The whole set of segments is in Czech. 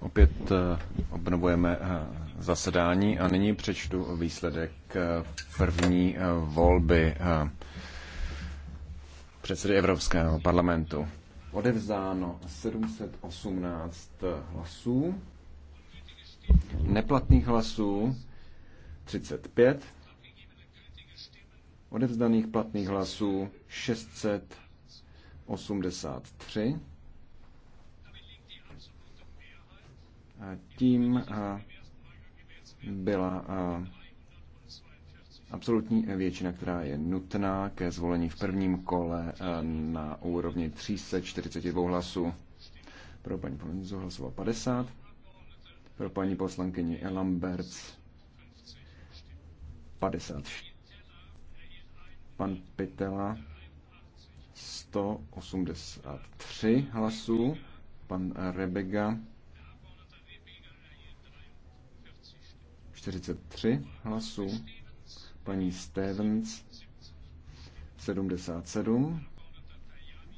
Opět eh, obnovujeme eh, zasedání a nyní přečtu výsledek eh, první volby předsedy Evropského parlamentu. Odevzdáno 718 hlasů, neplatných hlasů 35, odevzdaných platných hlasů 683, tím eh, byla eh, absolutní většina, která je nutná ke zvolení v prvním kole eh, na úrovni 342 hlasů. Pro paní Polonizu hlasovalo 50, pro paní poslankyni Lamberts 50. Pan Pitela 183 hlasů, pan Rebega 43 hlasů, paní Stevens 77,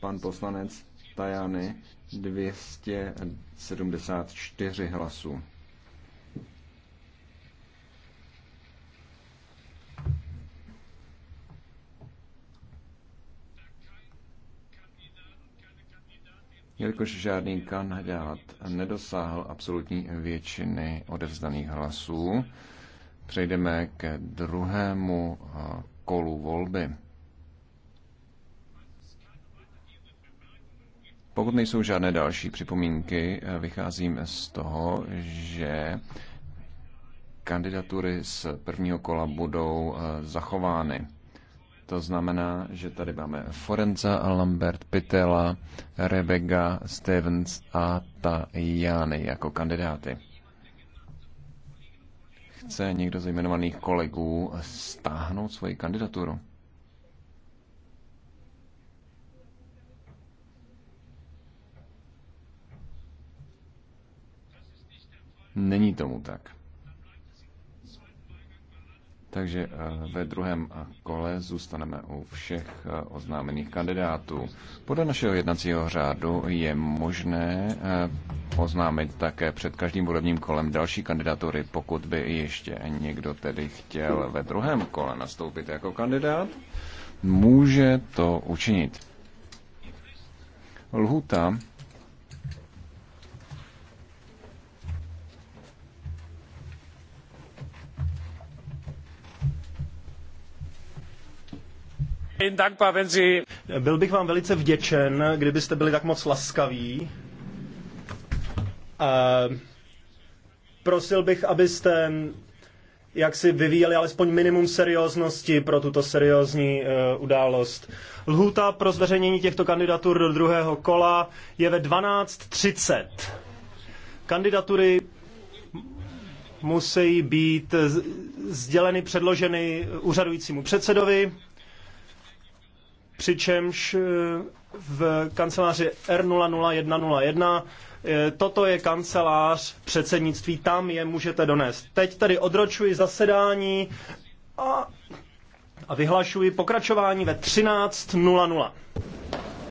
pan poslanec Tajany 274 hlasů. jelikož žádný kandidát nedosáhl absolutní většiny odevzdaných hlasů, přejdeme ke druhému kolu volby. Pokud nejsou žádné další připomínky, vycházím z toho, že kandidatury z prvního kola budou zachovány. To znamená, že tady máme Forenza, Lambert, Pitela, Rebega, Stevens a Tajany jako kandidáty. Chce někdo ze jmenovaných kolegů stáhnout svoji kandidaturu? Není tomu tak. Takže eh, ve druhém eh, kole zůstaneme u všech eh, oznámených kandidátů. Podle našeho jednacího řádu je možné oznámit také před každým volebním kolem další kandidatury, pokud by ještě někdo tedy chtěl ve druhém kole nastoupit jako kandidát, může to učinit. Lhuta Byl bych vám velice vděčen, kdybyste byli tak moc laskaví. Prosil bych, abyste jak si vyvíjeli alespoň minimum serióznosti pro tuto seriózní eh, událost. Lhůta pro zveřejnění těchto kandidatur do druhého kola je ve 12.30. Kandidatury musí být sděleny, předloženy úřadujícímu předsedovi přičemž eh, v kanceláři R00101 eh, toto je kancelář předsednictví, tam je můžete donést. Teď tady odročuji zasedání a, a vyhlašuji pokračování ve 13.00.